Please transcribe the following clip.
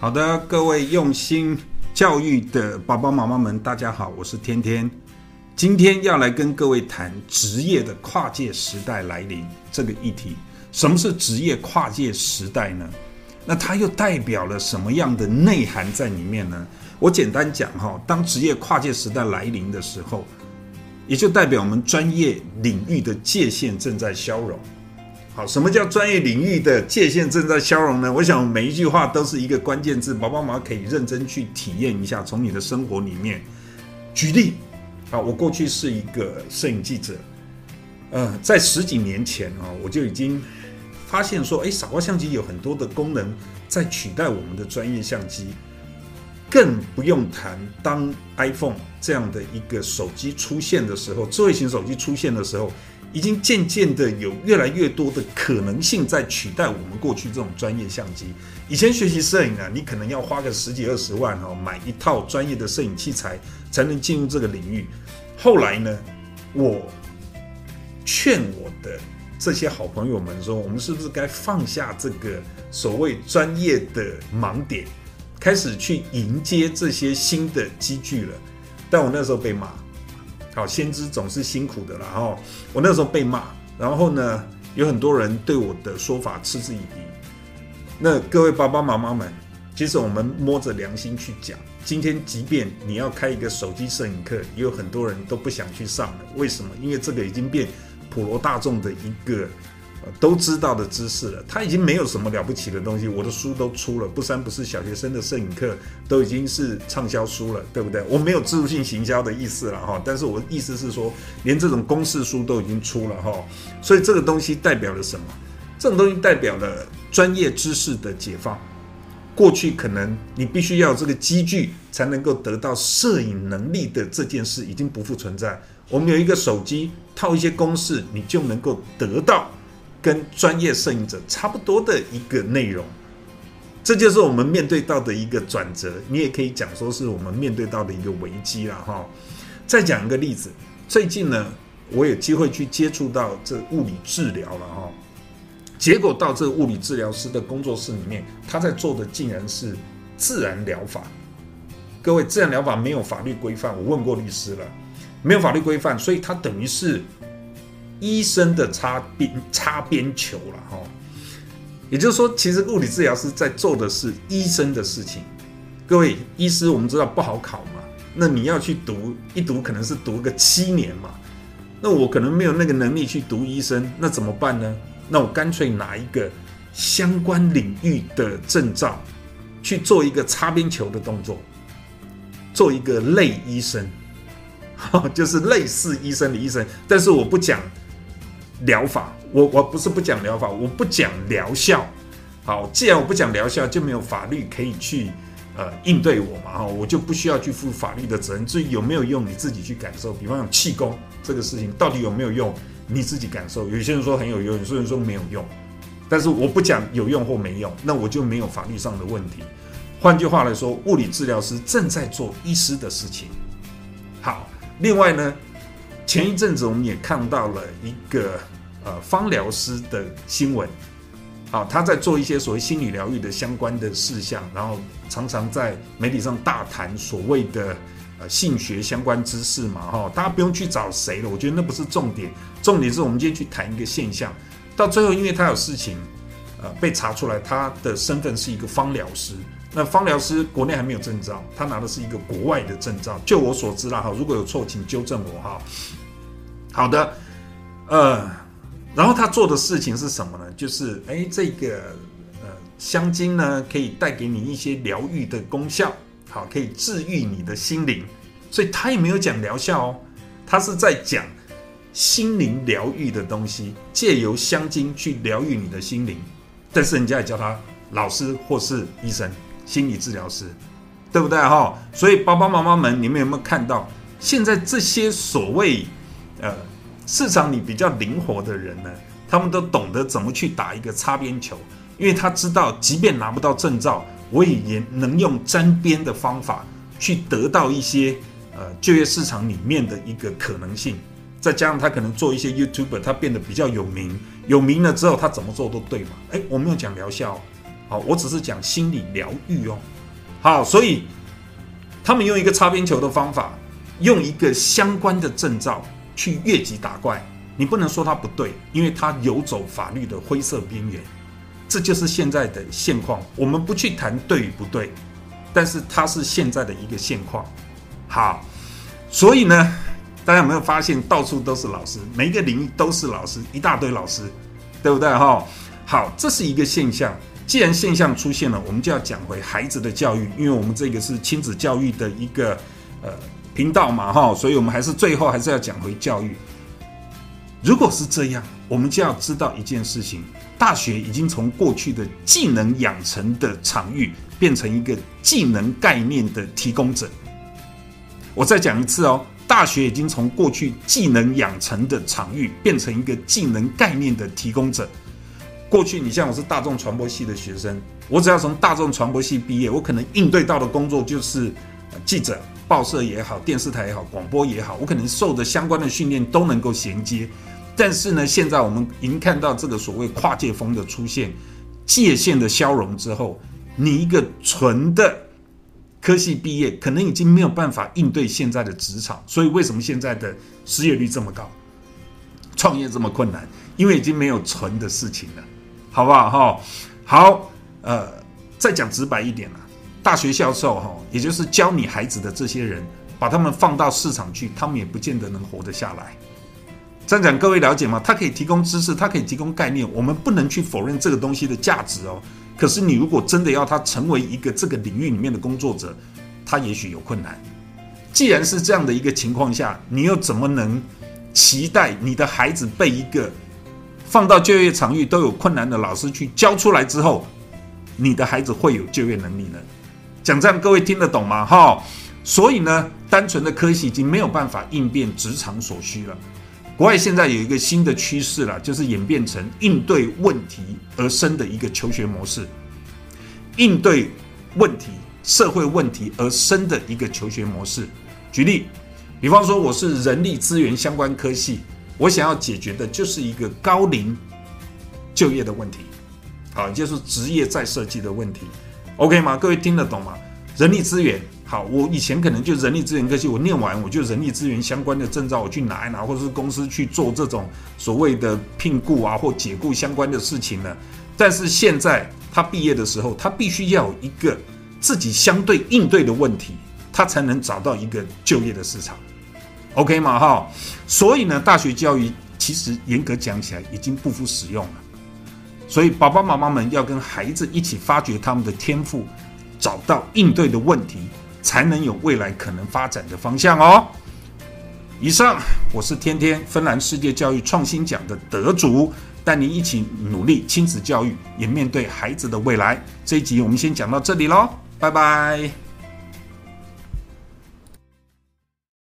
好的，各位用心教育的爸爸媽媽們，大家好，我是天天。今天要來跟各位談職業的跨界時代來臨這個議題。什麼是職業跨界時代呢？那它又代表了什麼樣的內涵在裡面呢？我簡單講哈，當職業跨界時代來臨的時候，也就代表我們專業領域的界限正在消融。好，什麼叫專業領域的界限正在消融呢？我想每一句話都是一個關鍵字，爸爸媽媽可以認真去體驗一下，從你的生活裡面舉例。好，我過去是一個攝影記者，呃，在十幾年前啊，我就已經發現說，哎，傻瓜相機有很多的功能在取代我們的專業相機，更不用談當 iPhone 這樣的一個手機出現的時候，智慧型手機出現的時候。已經漸漸的有越來越多的可能性在取代我們過去這種專業相機。以前學習攝影啊，你可能要花個十幾二十萬哦，買一套專業的攝影器材才能進入這個領域。後來呢，我勸我的這些好朋友們說，我們是不是該放下這個所謂專業的盲點，開始去迎接這些新的機具了？但我那時候被罵。好，先知總是辛苦的，然後我那時候被罵，然後呢，有很多人對我的說法嗤之以鼻。那各位爸爸媽媽們，其實我們摸着良心去講，今天即便你要開一個手機攝影課，也有很多人都不想去上了。為什麼？因為這個已經變普羅大眾的一個。都知道的知識了，他已經沒有什麼了不起的東西。我的書都出了，不三不四小學生的攝影課都已經是暢銷書了，對不對？我沒有置入性行銷的意思了哈，但是我的意思是說，連這種公式書都已經出了哈，所以這個東西代表了什麼？這種東西代表了專業知識的解放。過去可能你必須要有這個機具才能夠得到攝影能力的這件事已經不復存在，我們有一個手機套一些公式，你就能夠得到。跟專業攝影者差不多的一個內容，這就是我們面對到的一個轉折。你也可以講說是我們面對到的一個危機了哈。再講一個例子，最近呢，我有機會去接觸到這物理治療了哈。結果到這物理治療師的工作室裡面，他在做的竟然是自然療法。各位，自然療法沒有法律規範，我問過律師了，沒有法律規範，所以他等於是。醫生的擦邊擦邊球了哈，也就是說，其實物理治療師在做的是醫生的事情。各位，醫師我們知道不好考嘛，那你要去讀一讀，可能是讀個七年嘛。那我可能沒有那個能力去讀醫生，那怎麼辦呢？那我乾脆拿一個相關領域的證照，去做一個擦邊球的動作，做一個類醫生，哈，就是類似醫生的醫生，但是我不講。療法，我我不是不講療法，我不講療效，好，既然我不講療效，就沒有法律可以去，呃，應對我嘛哈、哦，我就不需要去負法律的責任。至於有沒有用，你自己去感受。比方講氣功這個事情到底有沒有用，你自己感受。有些人說很有用，有些人說沒有用，但是我不講有用或沒用，那我就沒有法律上的問題。換句話來說，物理治療師正在做醫師的事情。好，另外呢。前一陣子我們也看到了一個呃芳療師的新聞，好、啊，他在做一些所謂心理療癒的相關的事項，然後常常在媒體上大談所謂的呃性學相關知識嘛哈、哦，大家不用去找誰了，我覺得那不是重點，重點是我們今天去談一個現象，到最後因為他有事情，呃被查出來，他的身份是一個芳療師。那芳療師國內還沒有證照，他拿的是一個國外的證照。就我所知啦，哈，如果有錯，請糾正我哈。好的，呃，然後他做的事情是什麼呢？就是，哎，這個呃香精呢，可以帶給你一些療癒的功效，好，可以治癒你的心靈。所以他也沒有講療效哦，他是在講心靈療癒的東西，借由香精去療癒你的心靈。但是人家也叫他老師或是醫生、心理治療師，對不對哈、哦？所以爸爸媽媽們，你們有沒有看到現在這些所謂呃市場裡比較靈活的人呢？他們都懂得怎麼去打一個擦邊球，因為他知道，即便拿不到證照，我也能用沾邊的方法去得到一些呃就業市場裡面的一個可能性。再加上他可能做一些 YouTuber，他變得比較有名，有名了之後他怎麼做都對嘛？哎，我沒有講療效、哦。好、哦，我只是講心理療癒哦。好，所以他們用一個擦邊球的方法，用一個相關的證照去越級打怪，你不能說他不對，因為他游走法律的灰色邊緣，這就是現在的現況。我們不去談對與不對，但是它是現在的一個現況。好，所以呢，大家有沒有發現到處都是老師，每一個領域都是老師，一大堆老師，對不對、哦？哈，好，這是一個現象。既然現象出現了，我們就要講回孩子的教育，因為我們這個是親子教育的一個呃頻道嘛，哈，所以我們還是最後還是要講回教育。如果是這樣，我們就要知道一件事情：大學已經從過去的技能養成的場域，變成一個技能概念的提供者。我再講一次哦，大學已經從過去技能養成的場域，變成一個技能概念的提供者。過去你像我是大眾傳播系的學生，我只要從大眾傳播系畢業，我可能應對到的工作就是記者、報社也好，電視台也好，廣播也好，我可能受的相關的訓練都能夠銜接。但是呢，現在我們已經看到這個所謂跨界風的出現，界限的消融之後，你一個純的科系畢業，可能已經沒有辦法應對現在的職場。所以為什麼現在的失業率這麼高，創業這麼困難？因為已經沒有純的事情了。好不好哈？好，呃，再講直白一點了啊，大學教授哈，也就是教你孩子的這些人，把他們放到市場去，他們也不見得能活得下來。這樣講，各位了解嗎？他可以提供知識，他可以提供概念，我們不能去否認這個東西的價值哦。可是你如果真的要他成為一個這個領域裡面的工作者，他也許有困難。既然是這樣的一個情況下，你又怎麼能期待你的孩子被一個？放到就業場域都有困難的老師去教出來之後，你的孩子會有就業能力呢？講這樣各位聽得懂嗎？哈、哦，所以呢，單純的科系已經沒有辦法應變職場所需了。國外現在有一個新的趨勢了，就是演變成應對問題而生的一個求學模式，應對問題、社會問題而生的一個求學模式。舉例，比方說我是人力資源相關科系。我想要解決的就是一個高齡就業的問題，好，就是職業再設計的問題，OK 嗎？各位聽得懂嗎？人力資源，好，我以前可能就人力資源科技，我念完我就人力資源相關的證照，我去拿一拿，或者是公司去做這種所謂的聘雇啊或解雇相關的事情呢。但是現在他畢業的時候，他必須要有一個自己相對應對的問題，他才能找到一個就業的市場。OK 嘛哈，所以呢，大學教育其實嚴格講起來已經不敷使用了。所以爸爸媽媽們要跟孩子一起發掘他們的天賦，找到應對的問題，才能有未來可能發展的方向哦。以上，我是天天芬蘭世界教育創新獎的得主，帶你一起努力親子教育，也面對孩子的未來。這一集我們先講到這裡嘍，拜拜。